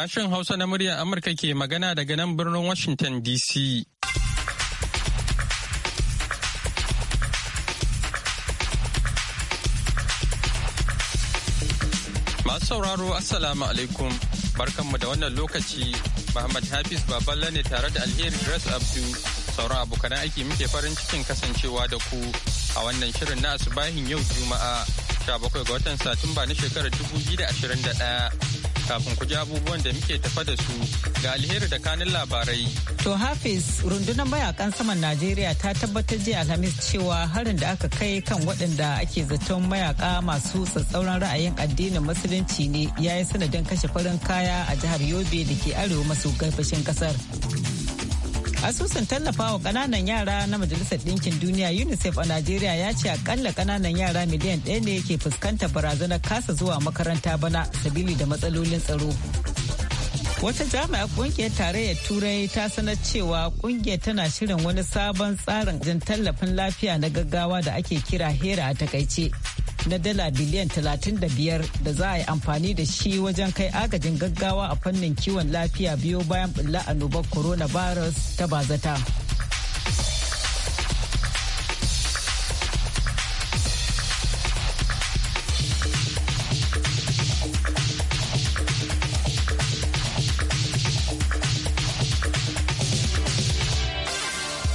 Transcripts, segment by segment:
Sashen Hausa na muryar Amurka ke magana daga nan birnin Washington DC. Masu sauraro Assalamu alaikum barkanmu da wannan lokaci Muhammad Hafiz Baballa ne tare da Alheri Grace Abdu sauran abokan aiki muke farin cikin kasancewa da ku a wannan shirin na asubahin yau Juma'a 17 ga watan Satumba na shekarar 2021. kafin ku ji abubuwan da muke tafa da su ga alheri da kanin labarai. To Hafiz, rundunar mayakan saman Najeriya ta tabbatar jiya Alhamis cewa harin da aka kai kan waɗanda ake zaton mayaka masu tsatsauran ra'ayin addinin musulunci ne ya yi sanadin kashe farin kaya a jihar Yobe da ke arewa maso gabashin ƙasar. Asusun tallafawa kananan yara na Majalisar Ɗinkin Duniya UNICEF a Najeriya ya ce akalla kananan yara miliyan ɗaya ne ke fuskantar barazanar kasa zuwa makaranta bana sabili da matsalolin tsaro. Wata jami'a kungiyar tarayyar Turai ta sanar cewa kungiyar tana shirin wani sabon tsarin jin tallafin lafiya na gaggawa da ake kira hera a takaice. na dala biliyan 35 da za a yi amfani da shi wajen kai agajin gaggawa a fannin kiwon lafiya biyo bayan bulla annobar coronavirus ta bazata.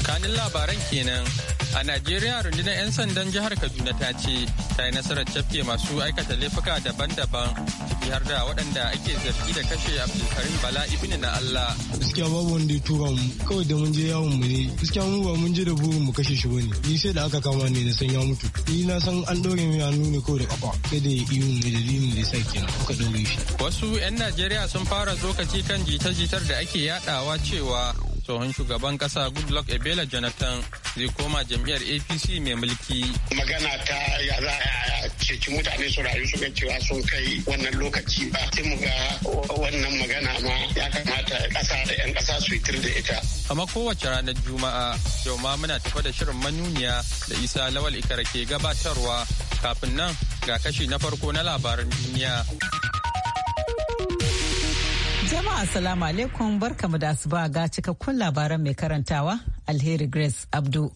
kanin labaran kenan A Najeriya rundunar 'yan sandan jihar Kaduna ta ce ta yi nasarar cafke masu aikata laifuka daban-daban ciki har da waɗanda ake zargi da kashe Abdulkarim Bala ibn na Allah. Gaskiya babu wanda ya tura mu kawai da mun je yawon mu ne gaskiya mu ba mun je da burin mu kashe shi bane ni sai da aka kama ne na san ya mutu ni na san an ɗore min a nuna kawai da kafa sai da iyu ne da limi da sa kenan kuka ɗore shi. Wasu 'yan Najeriya sun fara tsokaci kan jita-jitar da ake yadawa cewa tsohon shugaban kasa goodluck ebela jonathan zai koma jam'iyyar apc mai mulki magana ta ya za a ceci mutane su rayu su cewa sun kai wannan lokaci ba sai mu ga wannan magana ma ya kamata kasa da 'yan kasa su yi da ita kama kowace ranar juma'a yau ma muna tafa da shirin manuniya da isa lawal ikara ke gabatarwa kafin nan ga kashi na farko na labaran duniya Jama'a Assalamu alaikum barkamu da asuba ga cikakkun labaran mai karantawa Alheri Grace Abdu.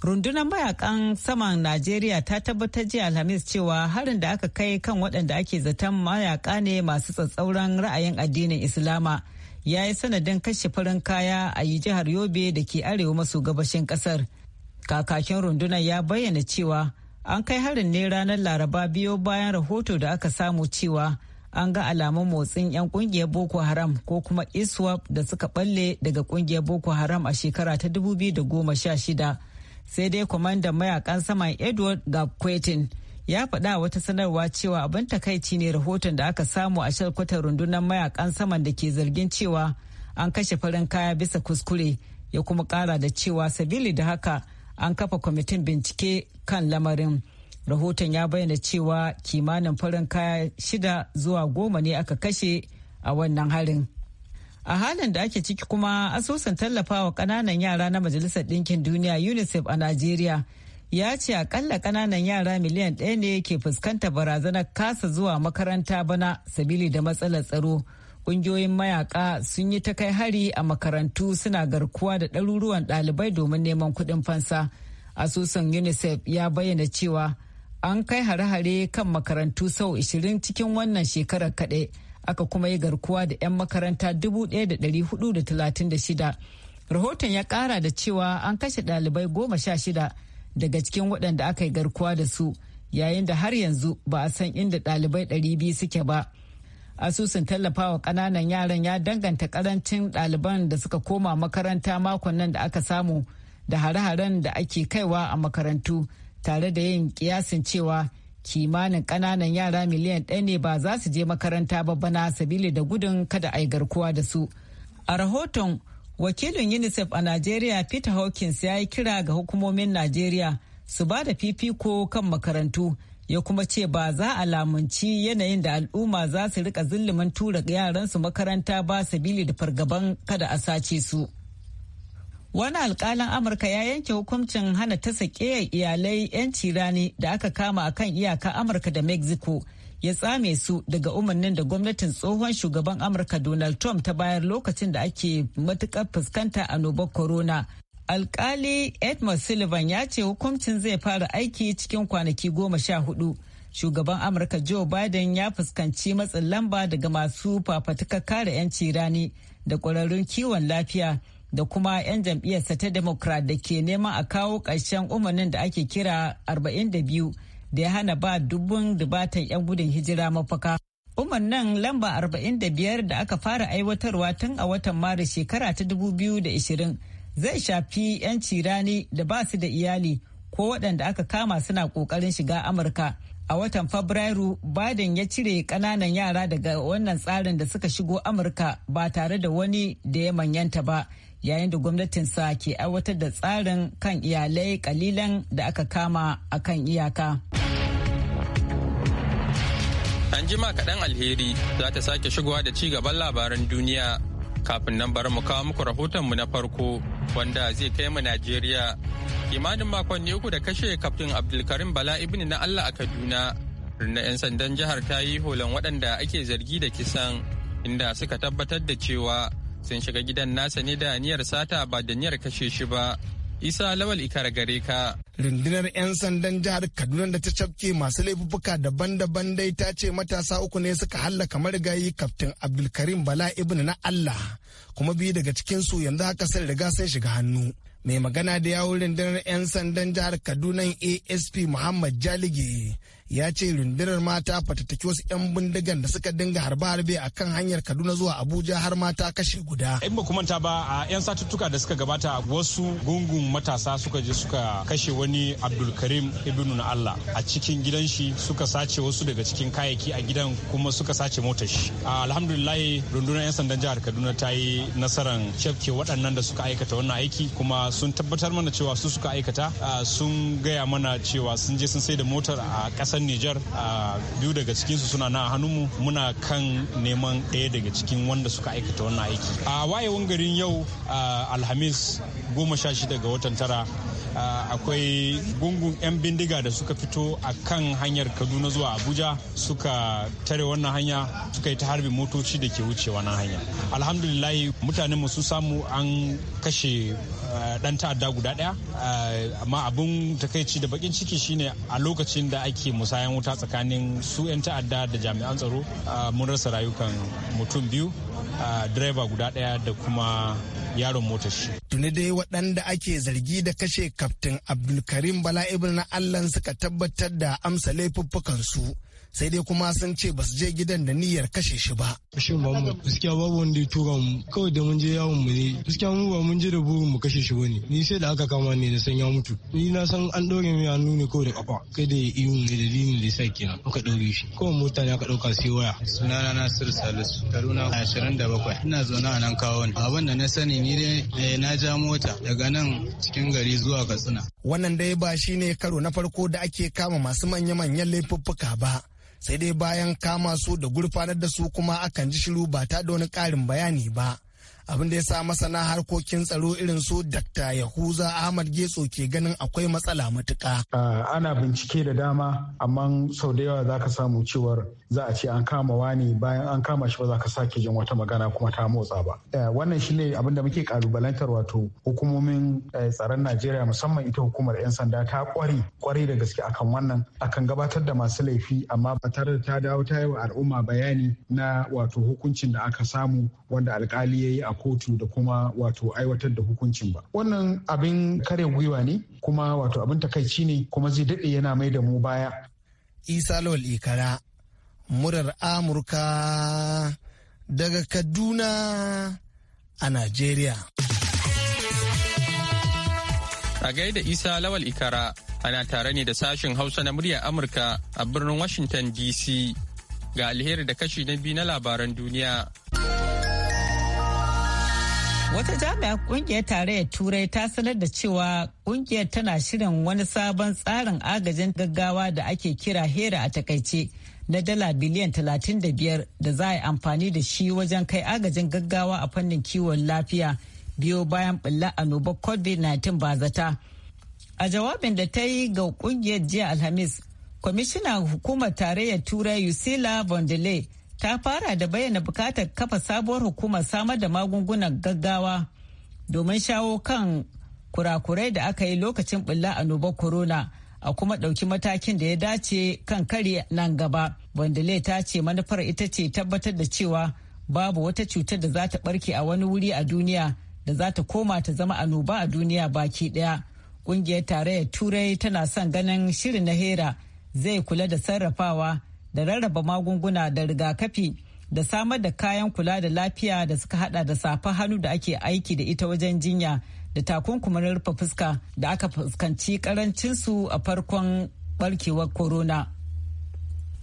Rundunar mayakan saman Najeriya ta tabbatar jiya Alhamis cewa harin da aka kai kan waɗanda ake zaton mayaka ne masu tsatsauran ra'ayin addinin Islama ya yi sanadin kashe farin kaya a yi jihar Yobe da ke arewa maso gabashin ƙasar. Kakakin rundunar ya bayyana cewa an kai harin ne ranar Laraba biyo bayan rahoto da aka samu cewa an ga alamun motsin 'yan kungiyar boko haram ko kuma iswap da suka balle daga kungiyar boko haram a shekara ta 2016 sai dai kwamandan mayakan saman edward gakwetin ya faɗa wata sanarwa cewa abin takaici ne rahoton da aka samu a shalkwatar rundunar mayakan saman da ke zargin cewa an kashe farin kaya bisa kuskure ya kuma ƙara da cewa sabili da haka an kafa kwamitin bincike kan lamarin. rahoton ya bayyana cewa kimanin farin kaya shida zuwa goma ne aka kashe a wannan harin a halin da ake ciki kuma asusun tallafawa kananan yara na majalisar ɗinkin duniya unicef a najeriya ya ce akalla kananan yara miliyan ɗaya ne ke fuskantar barazanar kasa zuwa makaranta bana sabili da matsalar tsaro ƙungiyoyin mayaka sun yi ta kai hari a makarantu suna garkuwa da ɗaruruwan ɗalibai domin neman kuɗin fansa asusun unicef ya bayyana cewa an kai hare-hare kan makarantu sau 20 cikin wannan shekarar kaɗai aka kuma yi garkuwa da 'yan makaranta 1,436 rahoton ya ƙara da cewa an kashe ɗalibai goma sha shida daga cikin waɗanda aka yi garkuwa da su yayin da har yanzu ba a san inda ɗalibai 200 suke ba asusun tallafawa ƙananan yaran ya danganta ƙarancin ɗaliban da suka koma makaranta makon nan da aka samu da hare-haren da ake kaiwa a makarantu. tare da yin kiyasin cewa kimanin kananan yara miliyan ɗaya ne ba za su je makaranta ba bana sabili da gudun kada a yi garkuwa da su. A rahoton wakilin UNICEF a Najeriya Peter Hawkins ya yi kira ga hukumomin Najeriya su ba da fifiko kan makarantu ya kuma ce ba za a lamunci yanayin da al'umma za su rika zulumin tura yaransu makaranta ba sabili da fargaban kada a sace su. Wani alkalin Amurka ya yanke hukuncin hana ta sake iyalai 'yanci rani da aka kama a kan iyaka Amurka da Mexico ya tsame su daga umarnin da gwamnatin tsohon shugaban Amurka Donald Trump ta bayar lokacin da ake matukar fuskanta a annobar corona. Alkali Edmund Sullivan ya ce hukuncin zai fara aiki cikin kwanaki goma sha hudu. Shugaban Amurka Joe Biden ya fuskanci matsin lamba daga masu fafatukar kare 'yanci rani da kwararrun kiwon lafiya. da kuma 'yan jam'iyyarsa ta democrat da ke nema a kawo ƙarshen umarnin da ake kira 42 da ya hana ba dubun dubatan 'yan gudun hijira mafaka umarnin lamba 45 da aka fara aiwatarwa tun a watan maris shekara ta 2020 zai shafi yanci rani da ba su da iyali ko waɗanda aka kama suna ƙoƙarin shiga amurka a watan fabrairu biden ya cire ƙananan yara daga wannan tsarin da suka shigo amurka ba tare da wani da ya manyanta ba yayin da gwamnatin sa ke aiwatar da tsarin kan iyalai kalilan da aka kama a kan iyaka. anjima kaɗan alheri za ta sake shigowa da ci gaban labaran duniya kafin nan bari mu kawo muku rahotonmu na farko wanda zai kai mu Najeriya. Kimanin makonni uku da kashe kaftin Abdulkarim Bala ibn na Allah a Kaduna. na 'yan sandan jihar ta yi holan waɗanda ake zargi da kisan inda suka tabbatar da cewa sun shiga gidan nasa ne da niyyar sata ba da niyyar kashe shi ba isa lawal ikar gare ka rundunar 'yan sandan jihar kaduna da ta cafke masu laifuka daban-daban dai ta ce matasa uku ne suka hallaka marigayi kaftin abdulkarim bala ibn na allah kuma biyu daga cikinsu yanzu haka sun riga sun shiga hannu mai magana da yawon rundunar 'yan sandan jihar kaduna asp muhammad jalige ya ce rundunar mata fatattaki wasu 'yan bindigan da suka dinga harbe-harbe a kan hanyar kaduna zuwa abuja har mata kashe guda in ba manta ba a 'yan satuttuka da suka gabata wasu gungun matasa suka je suka kashe wani abdulkarim ibn allah a cikin gidan shi suka sace wasu daga cikin kayayyaki a gidan kuma suka sace motar shi alhamdulillah rundunar 'yan sandan jihar kaduna ta yi nasarar cefke waɗannan da suka aikata wannan aiki kuma sun tabbatar mana cewa su suka aikata sun gaya mana cewa sun je sun sai da motar a ƙasar Nijar a biyu daga cikinsu suna na hannunmu muna kan neman ɗaya daga cikin wanda suka aikata wannan aiki. A wayewan garin yau Alhamis goma sha shida ga watan tara akwai gungun 'yan bindiga da suka fito a kan hanyar Kaduna zuwa Abuja suka tare wannan hanya suka yi ta harbi motoci da ke wucewa na hanya. Alhamdulillahi mutanenmu sun samu an kashe Eh, dan ta'adda guda daya eh, amma abin takaici da bakin ciki shine a lokacin da ake musayan wuta tsakanin su 'yan ta'adda da jami'an tsaro eh, mun rasa rayukan mutum biyu direba guda daya da kuma yaron motar shi. Tuni dai waɗanda ake zargi da kashe kaftin Abdulkarim Bala na allan suka tabbatar da amsa laifuffukan su sai dai kuma sun ce ba su je gidan da niyyar kashe shi ba. Shin ba mu gaskiya babu wanda ya tura mu kawai da mun je yawon mu ne gaskiya mu ba mun je da burin mu kashe shi bane ni sai da aka kama ne da san ya mutu ni na san an dore min hannu ne kawai da kafa kai da iyu ne da dini da sai kenan aka dore shi kawai mota ne aka dauka sai waya. Sunana sir Salisu Karuna 27 ina zaune a nan kawon abin da na sani ni dai eh, na ja mota daga nan cikin gari zuwa Katsina. Wannan dai ba shine karo na farko da ake kama masu manya-manyan laifuffuka ba. sai dai bayan kama su da gurfanar da su kuma akan ji shiru ba ta da wani ƙarin bayani ba abin da ya sa masana harkokin tsaro irin su Dr. Yahuza Ahmad Getso ke ganin akwai matsala matuka. Ah, ana bincike da dama amma sau da yawa za ka samu cewar za a ce an kama wani bayan an kama shi ba za ka sake jin wata magana kuma ta motsa ba eh, wannan shine abin da muke kalubalantar wato hukumomin eh, tsaron najeriya musamman ita hukumar 'yan sanda ta kwari kwari da gaske akan wannan akan gabatar da masu laifi amma ba tare da ta dawo ta yi wa al'umma bayani na wato hukuncin da aka samu wanda alkali ya yi a kotu da kuma wato aiwatar da hukuncin ba wannan abin kare gwiwa ne kuma wato abin takaici ne kuma zai daɗe yana mai da mu baya isa lawal ikara murar Amurka daga Kaduna a Najeriya. A gaida Isa Lawal Ikara ana tare ne da sashen Hausa na muryar Amurka a birnin Washington DC ga alheri da kashi na biyu na labaran duniya. Wata jami'a kungiyar tarayyar Turai ta sanar da cewa kungiyar tana shirin wani sabon tsarin agajin gaggawa da ake kira Hera a takaice. na dala biliyan 35 da za a yi amfani da shi wajen kai agajin gaggawa a fannin kiwon lafiya biyo bayan bulla annobar covid-19 ba zata. A jawabin da ta yi ga kungiyar jiya Alhamis, kwamishinan hukumar tarayyar Turai yusila von ta fara da bayyana bukatar kafa sabuwar hukumar samar da magungunan gaggawa domin shawo kan kurakurai da aka yi lokacin bulla annobar corona. a kuma ɗauki matakin da ya dace kan kare nan gaba. Bandale ta ce manufar ita ce tabbatar da cewa babu wata cutar da za ta ɓarke a wani wuri a duniya da za ta koma ta zama annoba a duniya baki ɗaya. Ƙungiyar tarayyar Turai tana son ganin shirin na Hera zai kula da sarrafawa da rarraba magunguna da rigakafi da samar da kayan kula da lafiya da suka hada da safa hannu da ake aiki da ita wajen jinya da takunkumin rufe fuska da aka fuskanci karancinsu a farkon barkewar corona.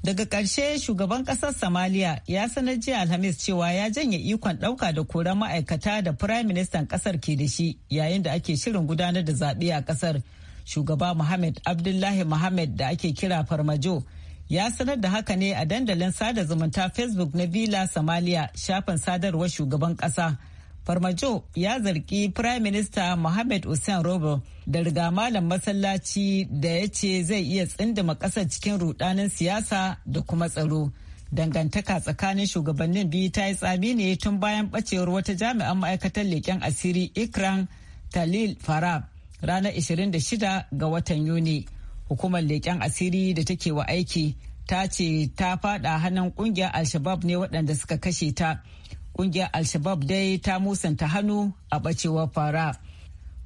Daga ƙarshe shugaban ƙasar Somalia ya sanar jiya Alhamis cewa ya janye ikon ɗauka da koran ma'aikata da Firayim Ministan ƙasar ke da shi yayin da ake shirin gudanar da zaɓe a ƙasar. Shugaba Muhammad Abdullahi Muhammad da ake kira Farmajo ya sanar da haka ne a dandalin sada zumunta Facebook na Villa Somalia shafin sadarwar shugaban ƙasa. Farmajo ya zargi Prime Minister Mohamed Hussein Robo da riga malam masallaci da ya ce zai iya tsindima ƙasar cikin rudanin siyasa da kuma tsaro. Dangantaka tsakanin shugabannin biyu ta yi tsami ne tun bayan ɓacewar wata jami'an ma'aikatar leƙen asiri Ikran Talil Farab ranar 26 ga watan Yuni. Hukumar leƙen asiri da take wa aiki ta ce ta faɗa hannun ƙungiyar alshabab ne waɗanda suka kashe ta. Kungiyar alshabab dai ta musanta hannu a ɓacewar fara.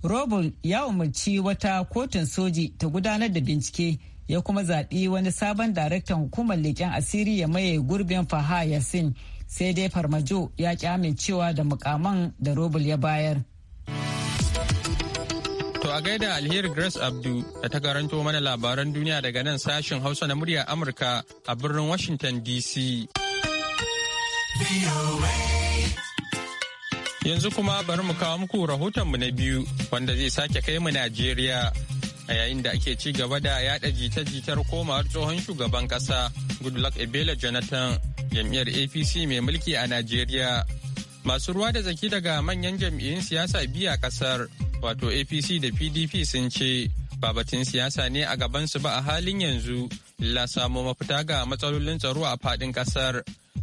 Robin ya umarci wata kotun soji ta gudanar da bincike ya kuma zaɓi wani sabon daraktan hukumar leƙen asiri ya maye gurbin Faha Yasin sai dai Farmajo ya ƙi amincewa da mukaman da Robin ya bayar. To a gaida alheri Grace Abdu da ta karanto mana labaran duniya daga nan sashen Hausa na murya Amurka a birnin Washington DC. Yanzu kuma bari mu kawo muku rahotonmu na biyu wanda zai sake kai mu Najeriya a yayin da ake ci gaba da yada jita-jitar komawar tsohon shugaban kasa Goodluck Ebele Jonathan jam'iyyar APC mai mulki a Najeriya. Masu ruwa da zaki daga manyan jam'iyyun siyasa biya kasar wato APC da PDP sun ce ba batun siyasa ne a gabansu ba a halin yanzu la samo mafita ga matsalolin tsaro a faɗin kasar.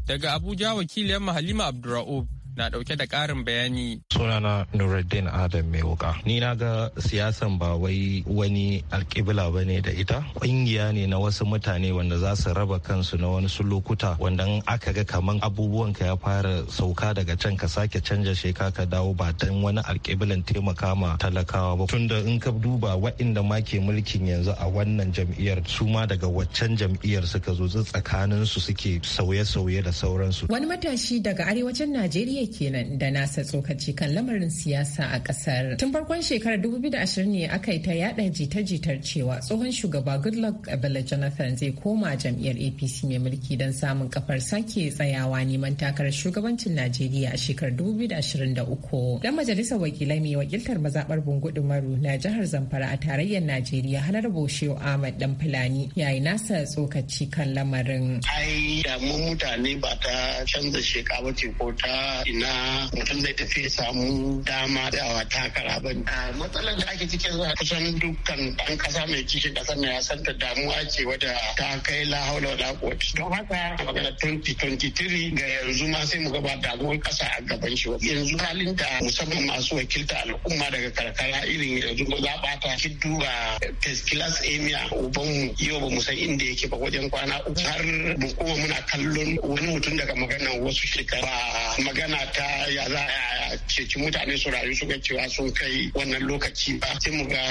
Daga Abuja wakiliyar Halima Abdurra'ub na ɗauke da ƙarin bayani. Sunana Nuruddin Adam mai wuka. Ni na ga siyasan ba wai wani alkibla ba ne da ita. ƙungiya ne na wasu mutane wanda za su raba kansu na wani su lokuta wanda aka ga kaman abubuwan ka ya fara sauka daga can ka sake canja sheka ka dawo ba dan wani alkiblan taimaka ma talakawa ba. Tunda in ka duba waɗanda ma ke mulkin yanzu a wannan jam'iyyar su ma daga waccan jam'iyyar suka zo tsakanin su suke sauye-sauye da sauransu. Wani matashi daga arewacin Najeriya ne kenan da nasa tsokaci kan lamarin siyasa a kasar. Tun farkon shekarar 2020 ne aka yi ta yada jita-jitar cewa tsohon shugaba Goodluck Abela Jonathan zai koma jam'iyyar APC mai mulki don samun kafar sake tsayawa neman takarar shugabancin Najeriya a shekarar 2023. Dan majalisar wakilai mai wakiltar mazabar Bungudu Maru na jihar Zamfara a tarayyar Najeriya Hanar Boshiyo Ahmad Dan Fulani yayi nasa tsokaci kan lamarin. Ai damu mutane ba ta canza shekara ce ko ta na mutum zai tafi samu dama da takara ba matsalar da ake cikin kusan dukkan ɗan ƙasa mai kishin ƙasar na ya san damuwa ce wadda ta kai la haula da kotu don haka magana 2023 ga yanzu ma sai mu gaba damuwar ƙasa a gaban shi yanzu halin da musamman masu wakilta al'umma daga karkara irin yanzu za ɓata shi duba teskilas emia ubanmu yau ba mu san inda yake ba wajen kwana uku har mu kuma muna kallon wani mutum daga magana wasu shekara magana ta ya za a ceci mutane su rayu su cewa sun kai wannan lokaci ba sai mu ga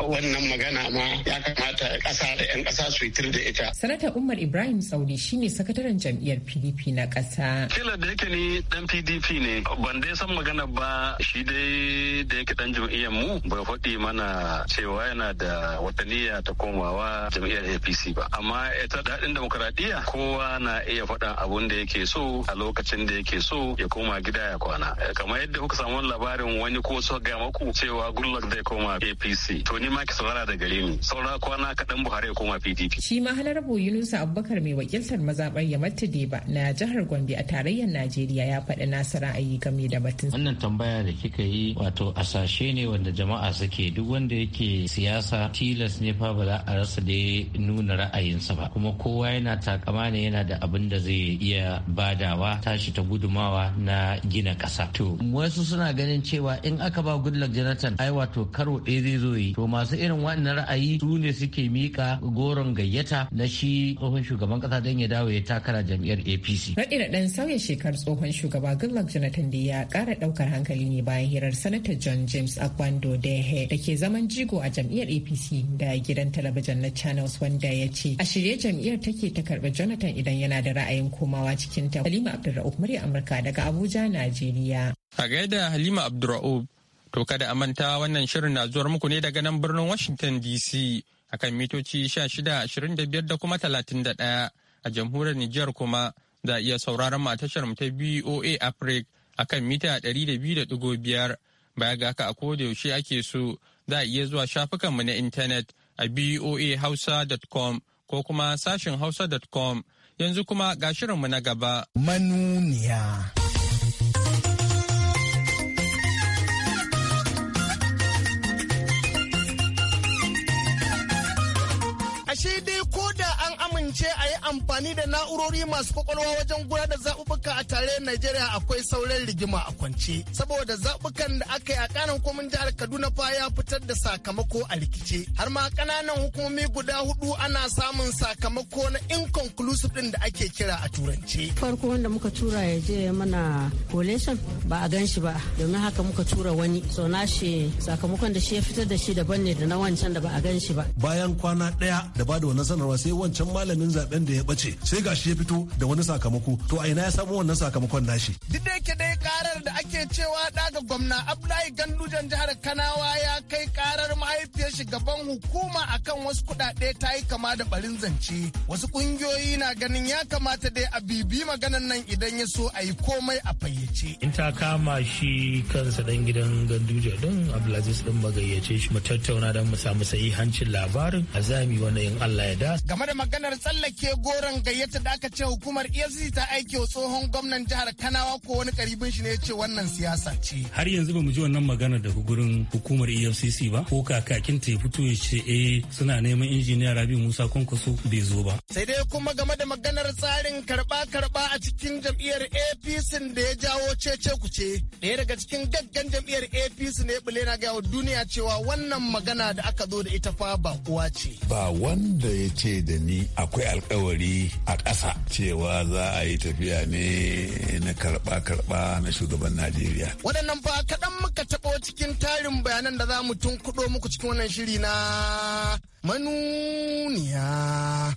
wannan magana ma ya kamata ƙasa da 'yan ƙasa su yi da ita. Sanata Umar Ibrahim Saudi shine sakataren jam'iyyar PDP na ƙasa. Kila da yake ni dan PDP ne ban dai san magana ba shi dai da yake dan jam'iyyar mu bai faɗi mana cewa yana da wata ta komawa jam'iyyar APC ba amma ita daɗin demokaradiyya kowa na iya faɗan abun da yake so a lokacin da yake so ya koma koma gida ya kwana eh, kamar yadda kuka samu labarin wani ko so ga maku cewa gullak zai koma APC to ni ma ki saurara da gare ni saura kwana kaɗan Buhari ya koma PDP shi ma halarbo Yunusa Abubakar mai wakiltar mazaɓar Yamata Deba na jihar Gombe a tarayyar Najeriya ya faɗi nasa ra'ayi game da batun wannan tambaya da kika yi wato asashe ne wanda jama'a suke duk wanda yake siyasa tilas ne fa ba za a rasa da nuna ra'ayinsa ba kuma kowa yana takama ne yana da abin da zai iya badawa tashi ta gudumawa na gina ƙasa. To wasu suna ganin cewa in aka ba Goodluck Jonathan ai wato karo ɗaya zai zo yi. To masu irin wannan ra'ayi su ne suke miƙa goron gayyata na shi tsohon shugaban ƙasa don ya dawo ya takara jam'iyyar APC. Raɗi da ɗan sauya shekarar tsohon shugaba Goodluck Jonathan da ya ƙara ɗaukar hankali ne bayan hirar Sanata John James Akwando Dehe da ke zaman jigo a jam'iyyar APC da gidan talabijin na Channels wanda ya ce a shirye jam'iyyar take ta karɓi Jonathan idan yana da ra'ayin komawa cikin ta. Halima Abdulra'uf murya Amurka daga Abuja. Abuja, Najeriya. A gaida Halima Abdurra'ub, to kada a manta wannan shirin na zuwar muku ne daga nan birnin Washington DC akan mitoci 1625 da kuma 31 a jamhuriyar Nijar kuma za a iya sauraron matashar ta BOA Africa akan mita 200.5 baya ga haka a koda yaushe ake so za a iya zuwa shafukanmu na intanet a boahausa.com ko kuma sashin hausa.com yanzu kuma ga shirinmu na gaba. Manuniya. she did. kasance a yi amfani da na'urori masu kwakwalwa wajen gudanar da zaɓuɓɓuka a tare Najeriya akwai sauran rigima a kwance. Saboda zaɓukan da aka yi a ƙanan komin jihar Kaduna fa ya fitar da sakamako a rikice. Har ma ƙananan hukumomi guda hudu ana samun sakamako na inconclusive din da ake kira a turance. Farko wanda muka tura ya je mana collation ba a gan shi ba domin haka muka tura wani. So na shi sakamakon da shi ya fitar da shi daban ne da na wancan da ba a gan shi ba. Bayan kwana ɗaya da ba da wannan sanarwa sai wancan malamin gabanin zaben da ya bace sai gashi ya fito da wani sakamako to a ina ya samu wannan sakamakon nashi duk da yake dai karar da ake cewa daga gwamna Abdullahi Gandujan jihar Kanawa ya kai karar mahaifiyar gaban hukuma akan wasu kuɗaɗe ta yi kama da barin zance wasu kungiyoyi na ganin ya kamata dai a bibi maganan nan idan ya so a yi komai a fayyace in ta kama shi kansa dan gidan Ganduja din Abdulaziz din gayyace shi mu tattauna dan mu samu sahihancin labarin azami zami wannan in Allah ya da game da maganar tsallake goron gayyata da aka ce hukumar EFCC ta aike wa tsohon gwamnan jihar Kanawa ko wani karibin shi ne ya ce wannan siyasa ce. Har yanzu ba mu ji wannan magana da gurin hukumar EFCC ba ko kakakin ta ya fito ya ce eh suna neman injiniya Rabi Musa Kwankwaso bai zo ba. Sai dai kuma game da maganar tsarin karba karba a cikin jam'iyyar APC da ya jawo cece kuce ɗaya daga cikin gaggan jam'iyyar APC ne bule na gaya wa duniya cewa wannan magana da aka zo da ita fa ba kowa ce. Ba wanda ya ce da ni a akwai alkawari a ƙasa cewa za a yi tafiya ne na karɓa-karɓa na shugaban Najeriya. Waɗannan fa kaɗan muka taɓo cikin tarin bayanan da za mu tun kuɗo muku cikin wannan shiri na manuniya.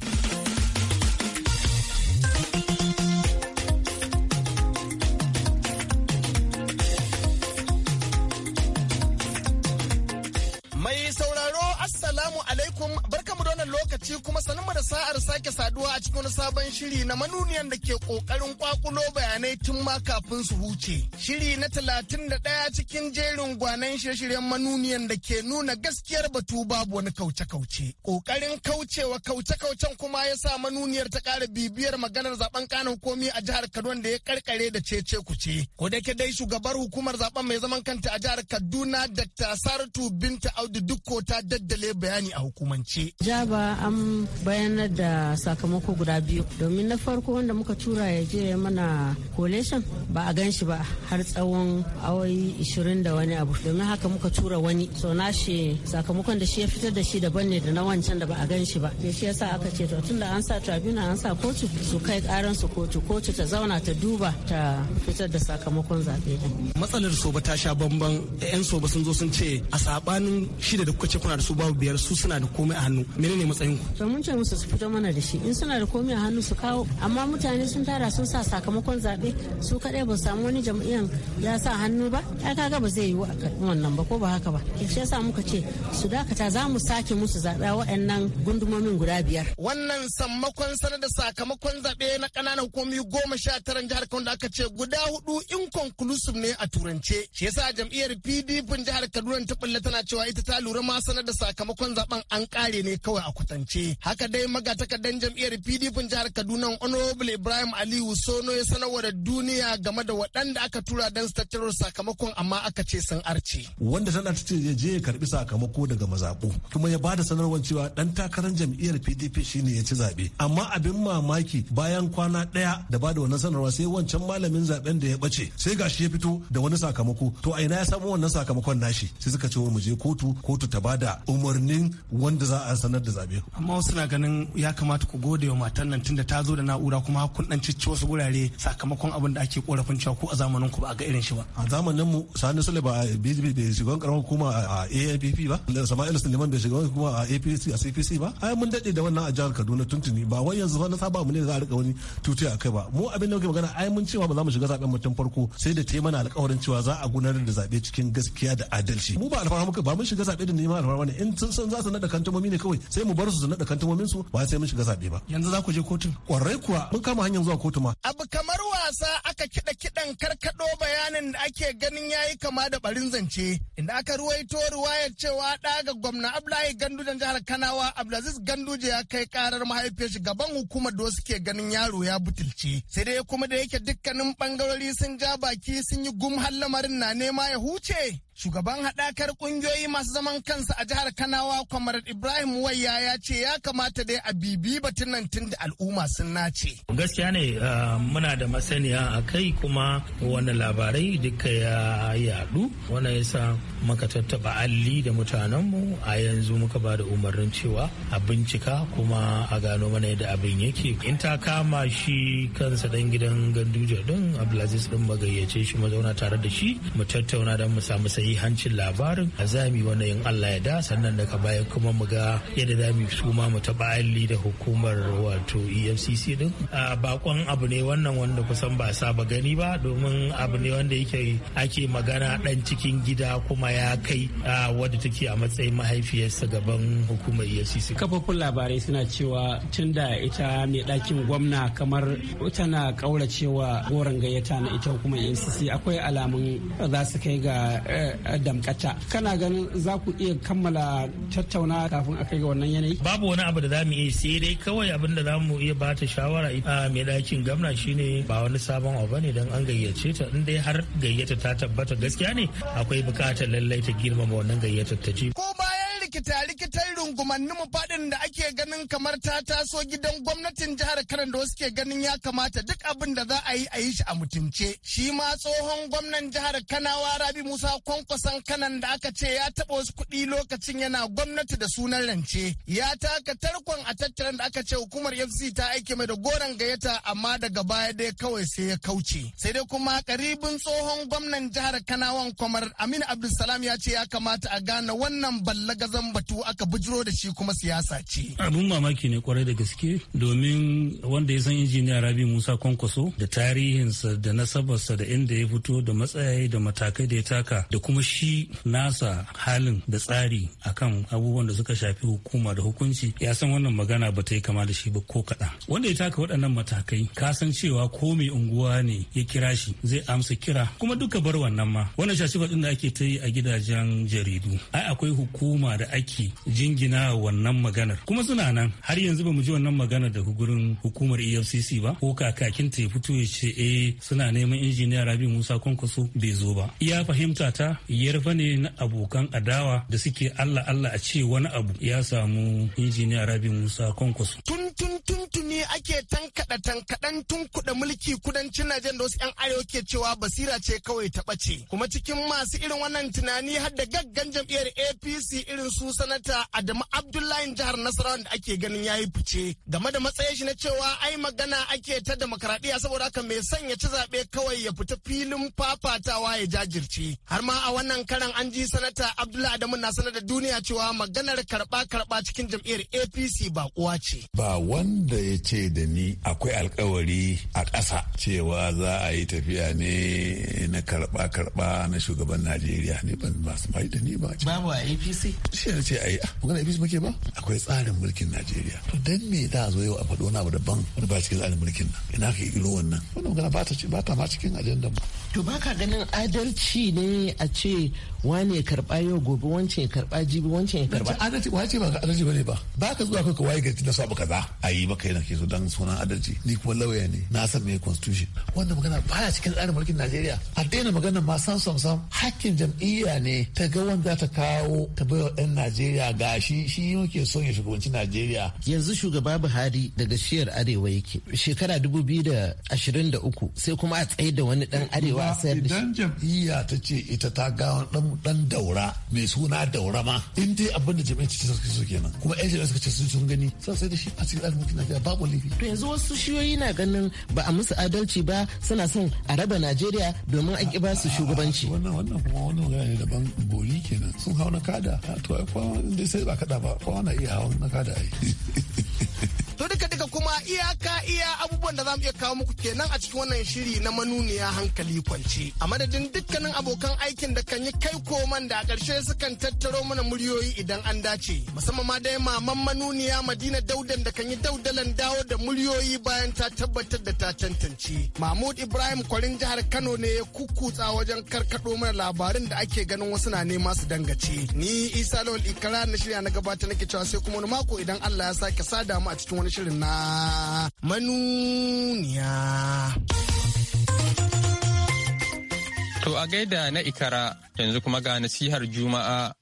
wannan lokaci kuma sanin da sa'ar sake saduwa a cikin wani sabon shiri na manuniyan da ke kokarin kwakulo bayanai tun ma kafin su huce. Shiri na talatin da ɗaya cikin jerin gwanan shirye-shiryen manuniyan da ke nuna gaskiyar batu babu wani kauce-kauce. Kokarin kaucewa kauce-kaucen kuma ya sa manuniyar ta ƙara bibiyar maganar zaben kanin komi a jihar Kaduna da ya karkare da cece kuce. Ko da dai shugabar hukumar zaben mai zaman kanta a jihar Kaduna Dr. Saratu Binta Audu Dukko ta daddale bayani a hukumance. ba an bayanar da sakamako guda biyu domin na farko wanda muka tura ya je mana collation ba a gan shi ba har tsawon awai ishirin da wani abu domin haka muka tura wani so na shi sakamakon da shi ya fitar da shi daban ne da na wancan da ba a gan shi ba me shi yasa aka ce to tunda an sa tribunal an sa kotu su kai karan su kotu kotu ta zauna ta duba ta fitar da sakamakon zaɓe din matsalar soba ta sha bamban yan soba sun zo sun ce a sabanin shida da kuka ce kuna da su babu biyar su suna da komai a hannu menene matsayin ku to mun ce musu su fito mana da shi in suna da komai a hannu su kawo amma mutane sun tara sun sa sakamakon zabe su kadai ba samu wani jam'iyyan ya sa hannu ba ai kaga ba zai yi wannan ba ko ba haka ba shi yasa muka ce su dakata za mu sake musu zabe waɗannan gundumomin guda biyar wannan sammakon sanar da sakamakon zabe na ƙananan komi goma sha tara jihar Kano da aka ce guda hudu inconclusive ne a turance shi yasa jam'iyyar PDP jihar Kaduna ta bulla tana cewa ita ta lura ma sanar da sakamakon zaben an kare ne kawai a kwatance haka dai magatakardan jam'iyyar pdp jihar kaduna honorable ibrahim aliyu sono ya sanarwa da duniya game da waɗanda aka tura dan su tattaro sakamakon amma aka ce sun arce wanda tana ta ce je ya karbi sakamako daga mazaɓu kuma ya bada sanarwar cewa dan takarar jam'iyyar pdp shine ya ci zaɓe amma abin mamaki bayan kwana ɗaya da bada wannan sanarwa sai wancan malamin zaɓen da ya ɓace sai gashi ya fito da wani sakamako to a ina ya samu wannan sakamakon nashi sai suka ce mu je kotu kotu ta bada umarnin wanda za a sanar da zaɓe. Amma wasu na ganin ya kamata ku gode wa matan nan tunda ta zo da na'ura kuma kun dan cicci wasu gurare sakamakon abin da ake korafin cewa ko a zamanin ku ba a ga irin shi ba. A zamanin mu Sani Sule ba a BJP bai shiga karamar hukuma a aipp ba, Sama Sama'il Suleiman bai shiga hukuma a APC a CPC ba. Ai mun daɗe da wannan a jihar Kaduna tuntuni ba wai yanzu wani saba mu ne za a rika wani tuti a kai ba. Mu abin da muke magana ai mun cewa ba za mu shiga zaben mutum farko sai da ta mana alƙawarin cewa za a gudanar da zaɓe cikin gaskiya da adalci. Mu ba alfahari muka ba mun shiga zaɓe da neman alfahari wani in sun san za su naɗa kantomomi ne kawai sai mu bar su su naɗa kantumomin su ba sai mun shiga zaɓe ba. Yanzu za ku je kotun. Kwarai kuwa mun kama hanyar zuwa kotu ma. Abu kamar wasa aka kiɗa kidan karkado bayanin da ake ganin yayi kama da barin zance inda aka ruwaito ruwayar cewa daga ga gwamna Abdullahi da jihar Kanawa Abdulaziz Ganduje ya kai karar mahaifiyar shi gaban hukumar da suke ganin yaro ya butulce. Sai dai kuma da yake dukkanin bangarori sun ja baki sun yi gum har lamarin na nema ya huce. Shugaban haɗakar ƙungiyoyi masu zaman kansa a jihar Kanawa, Kwamar Ibrahim Wayya ya ce ya kamata dai a bibi batun nan tun da al'umma sun nace. Gaskiya ne eh, muna da masaniya a kai kuma wani labarai duka ya yadu wannan yasa muka tattaba alli da mutanenmu a yanzu muka ba da umarnin cewa a bincika kuma a gano mana yadda abin yake. In ta kama shi kansa dan gidan ganduja din Abdulaziz din magayyace shi mu zauna tare da shi mu tattauna don mu samu sai hancin labarin a zami wani yin Allah ya da sannan daga baya kuma mu ga yadda za mu su ma mu ali da hukumar wato EFCC din a bakon abu ne wannan wanda kusan ba saba gani ba domin abu ne wanda yake ake magana dan cikin gida kuma ya kai wadda take a matsayin mahaifiyarsa gaban hukumar EFCC kafofin labarai suna cewa tun da ita mai ɗakin gwamna kamar tana cewa goron gayyata na ita hukumar EFCC akwai alamun za su kai ga eh, damkata kana ganin za ku iya kammala tattauna kafin a kai ga wannan yanayi babu wani abu da za mu iya sai dai kawai abin da za mu iya ba ta shawara a mai dakin gwamna shine ba wani sabon abu ne dan an gayyace ta in dai har gayyata ta tabbata gaskiya ne akwai bukatar lallai ta girmama wannan gayyatar ta ci ko bayan rikita rikita rungumannin mu faɗin da ake ganin kamar ta taso gidan gwamnatin jihar Kano da suke ganin ya kamata duk abin da za a yi a yi shi a mutunce. Shi ma tsohon gwamnan jihar Kanawa Rabi Musa kwankwasan kanan da aka ce ya taɓa wasu kuɗi lokacin yana gwamnati da sunan rance. Ya taka tarkon a tattaran da aka ce hukumar FC ta aike mai da goron gayyata amma daga baya dai kawai sai ya kauce. Sai dai kuma karibin tsohon gwamnan jihar Kanawan Kwamar Aminu Abdulsalam ya ce ya kamata a gane wannan ballagazan batu aka bujiro bijiro da shi kuma siyasa ce. Abin mamaki ne kwarai da gaske domin wanda ya san injiniya Rabi Musa Kwankwaso da tarihinsa da nasabarsa da inda ya fito da matsayi da matakai da ya taka da kuma shi nasa halin da tsari akan abubuwan da suka shafi hukuma da hukunci ya san wannan magana ba ta yi kama da shi ba ko kaɗan. Wanda ya taka waɗannan matakai ka san cewa ko mai unguwa ne ya kira shi zai amsa kira kuma duka bar wannan ma wannan shashi da ake ta yi a gidajen jaridu ai akwai hukuma da ake jin jingina wannan maganar kuma suna nan har yanzu ba mu ji wannan maganar daga gurin hukumar efcc ba ko kakakin ta ya fito ya ce eh suna neman injiniya rabi musa kwankwaso bai zo ba iya fahimta ta yarfa ne na abokan adawa da suke allah allah a ce wani abu ya samu injiniya rabi musa kwankwaso tun tun tun tuni ake tankaɗa tun kuɗa mulki kudancin Najeriya da wasu 'yan arewa ke cewa basira ce kawai ta ɓace. Kuma cikin masu irin wannan tunani har da gaggan jam'iyyar APC irin su sanata Adamu Abdullahi jihar Nasarawa da ake ganin yayi fice. Game da matsayin shi na cewa ai magana ake ta demokaradiyya saboda haka mai ya ci zaɓe kawai ya fita filin fafatawa ya jajirce. Har ma a wannan karan an ji sanata Abdullahi Adamu na sanar da duniya cewa maganar karɓa-karɓa cikin jam'iyyar APC ba kuwa ce. Ba wanda ya ce da ni akwai alkawari a ƙasa cewa za a yi tafiya ne na karɓa karɓa na shugaban najeriya ne ban ba mai da ni ba babu a apc shi ne ce a yi magana apc muke ba akwai tsarin mulkin najeriya to dan me za zo yau a faɗo na abu daban wani ba cikin tsarin mulkin na ina ka yi wannan wannan magana ba ta ma cikin ajandan ba to baka ganin adalci ne a ce wane ya karba yau gobe wancan ya karba jibi wancan ya karba adalci ba ce ba ka adalci bane ba ba ka zuwa ka waye gari na sabu kaza a yi maka yana ke so dan sunan adalci ni kuma lauya ne na san me constitution Wanda magana baya cikin tsarin mulkin Najeriya a daina magana ma san sam sam hakkin jam'iyya ne ta ga wanda ta kawo ta bayar dan ɗan Najeriya gashi shi yake son ya shugabanci Najeriya yanzu shugaba Buhari daga shiyar arewa yake shekara 2023 sai kuma a tsaye da wani dan arewa cewa sayar da idan jam'iyya ta ce ita ta ga dan daura mai suna daura ma in dai abin da jam'iyyar ce suka so kenan kuma yan jam'iyyar suka ce sun gani sun sai da shi a cikin tsarin mulkin Najeriya babu laifi to yanzu wasu shiyoyi na ganin ba a musu adalci ba suna son a raba Najeriya domin a ki ba su shugabanci ah, wannan wannan kuma wani magana ne daban boli kenan sun hau na kada to ai kuma dai sai ba kada ba kowa na iya hau na kada yi. duka duka kuma iyaka iya abubuwan da za mu iya kawo muku kenan a cikin wannan shiri na manuniya hankali kwance a madadin dukkanin abokan aikin da kan yi kai koman da a ƙarshe sukan tattaro mana muryoyi idan an dace musamman ma dai maman manuniya madina daudan da kan yi daudalan dawo da muryoyi bayan ta tabbatar da ta tantance mahmud ibrahim kwarin jihar kano ne ya kukkutsa wajen karkaɗo mana labarin da ake ganin wasu na nema su dangace ni isa lawal ikara na shirya na gabata nake cewa sai kuma wani mako idan allah ya sake sada mu a cikin wani shirin na manuniya. To a gaida na ikara yanzu kuma ga nasihar Juma'a.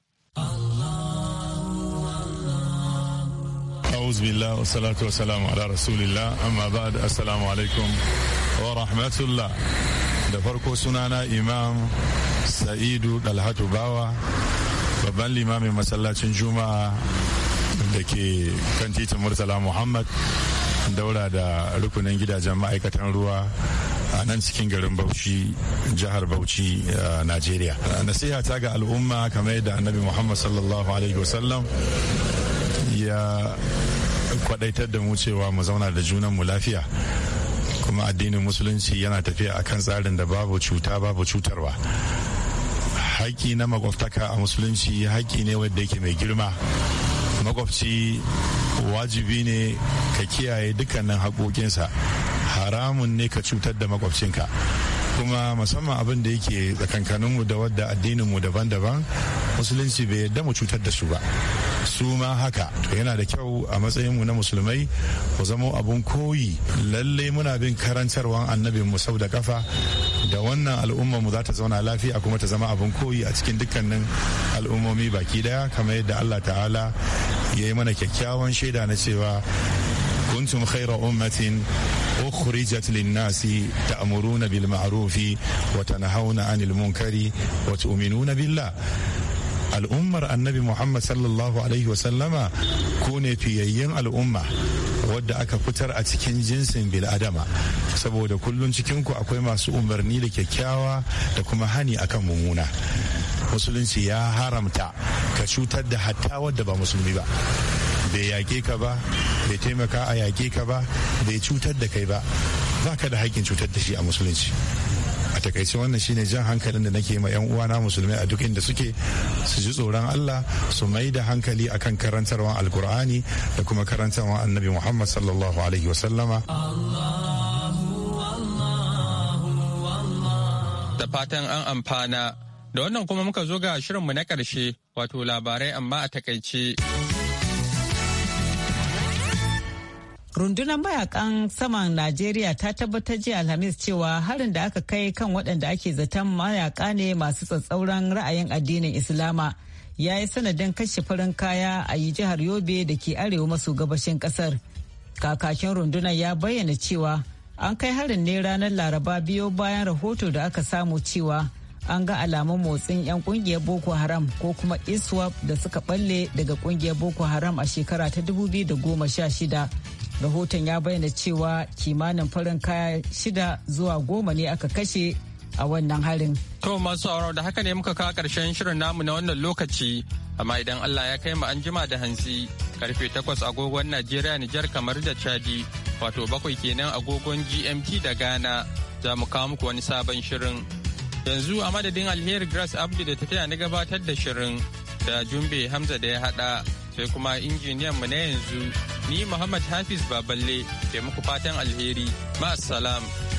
أعوذ بالله والصلاة والسلام على رسول الله أما بعد السلام عليكم ورحمة الله da farko sunana imam sa'idu dalhatu bawa babban limamin masallacin juma'a da ke kan titin murtala muhammad daura da rukunin gidajen ma'aikatan ruwa a nan cikin garin bauchi jihar bauchi najeriya nasiha ta ga al'umma kamar yadda annabi muhammad sallallahu alaihi wasallam ya kwadaitar da mu cewa mu zauna da junanmu lafiya kuma addinin musulunci yana tafiya akan tsarin da babu cuta babu cutarwa haƙƙi na makwabtaka a musulunci haƙƙi ne wanda yake mai girma makwabci wajibi ne ka kiyaye dukkanin haƙoƙinsa haramun ne ka cutar da makwabcinka kuma musamman abin da yake tsakankaninmu da wadda addininmu daban-daban musulunci bai yarda mu cutar da su ba su ma haka to yana da kyau a matsayinmu na musulmai ku zamo abun koyi lalle muna bin karantarwan annabin mu sau da kafa da wannan al'umma mu za ta zauna lafiya kuma ta zama abun koyi a cikin dukkanin al'ummomi baki daya kamar yadda Allah ta'ala ya yi mana kyakkyawan shaida na cewa كنتم خير أمة أخرجت للناس تأمرون بالمعروف وتنهون عن المنكر وتؤمنون بالله al'ummar annabi muhammad sallallahu alaihi wasallama ko ne fiyayyen al'umma wadda aka fitar a cikin jinsin bil'adama saboda kullum cikinku akwai masu umarni da kyakkyawa da kuma hani akan mummuna musulunci ya haramta ka cutar da hatta wadda ba musulmi ba bai yaƙe ka ba bai taimaka a yaƙe ka ba bai cutar da kai ba ba ka da haƙƙin cutar da shi a musulunci a takaice wannan shine jan hankalin da nake ma yan uwana musulmai a duk inda suke su ji tsoron Allah su mai da hankali akan karantarwa alkur'ani da kuma karantarwa annabi Muhammad sallallahu alaihi wasallama da fatan an amfana da wannan kuma muka zo ga shirinmu na ƙarshe wato labarai amma a takaice. rundunar mayakan saman najeriya ta tabbatar jiya alhamis cewa harin da aka kai kan waɗanda ake zaton mayaka ne masu tsatsauran ra'ayin addinin islama ya yi sanadin kashe farin kaya a yi jihar yobe da ke arewa maso gabashin ƙasar kakakin rundunar ya bayyana cewa an kai harin ne ranar laraba biyo bayan rahoto da aka samu cewa an ga alamun motsin 'yan kungiyar boko haram ko kuma iswap da suka balle daga kungiyar boko haram a shekara ta 2016 rahoton ya bayyana cewa kimanin farin kaya shida zuwa goma ne aka kashe a wannan harin. To masu sauraro da haka ne muka kawo karshen shirin namu na wannan lokaci amma idan Allah ya kai mu an jima da hansi karfe takwas agogon Najeriya Nijar kamar da Chadi wato bakwai kenan agogon GMT da Ghana za mu kawo muku wani sabon shirin. Yanzu a madadin alheri Grace Abdu da ta taya na gabatar da shirin da Jumbe Hamza da ya hada sai kuma injiniyan mu na yanzu ni Muhammad Hafiz Baballe ke muku fatan alheri. Ma'assalam.